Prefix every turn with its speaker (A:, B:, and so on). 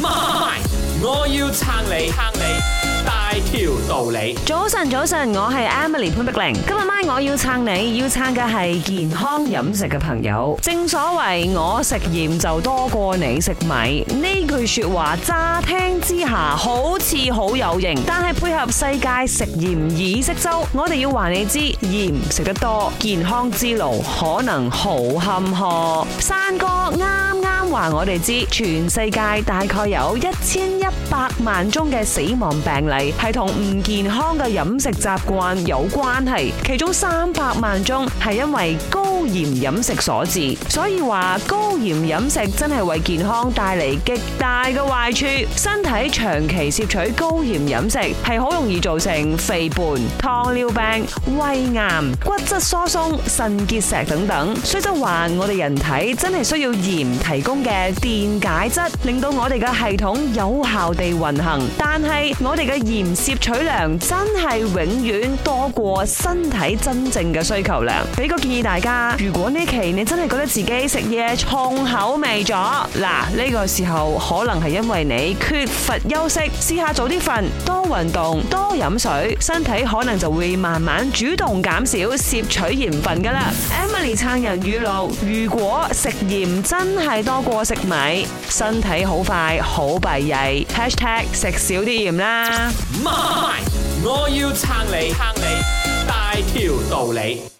A: 媽咪，我要撐你，撐你大條道理。
B: 早晨，早晨，我係 Emily 潘碧玲。今日晚我要撐你，要撐嘅係健康飲食嘅朋友。正所謂我食鹽就多過你食米呢句說話，乍聽之下好似好有型，但係配合世界食鹽意識周，我哋要話你知，鹽食得多，健康之路可能好坎坷。山哥啱。話我哋知，全世界大概有一千一百萬宗嘅死亡病例係同唔健康嘅飲食習慣有關係，其中三百萬宗係因為高鹽飲食所致。所以話高鹽飲食真係為健康帶嚟極大嘅壞處。身體長期攝取高鹽飲食係好容易造成肥胖、糖尿病、胃癌、骨質疏鬆、腎結石等等。雖則話我哋人體真係需要鹽提供嘅，嘅電解質令到我哋嘅系統有效地運行，但係我哋嘅鹽攝取量真係永遠多過身體真正嘅需求量。俾個建議大家，如果呢期你真係覺得自己食嘢重口味咗，嗱，呢個時候可能係因為你缺乏休息，試下早啲瞓，多運動，多飲水，身體可能就會慢慢主動減少攝取鹽分噶啦。Emily 撐人語錄：如果食鹽真係多過，我食米，身體好快好閉翳 hashtag 食少啲鹽啦，
A: 我要撐你，撐你大條道理。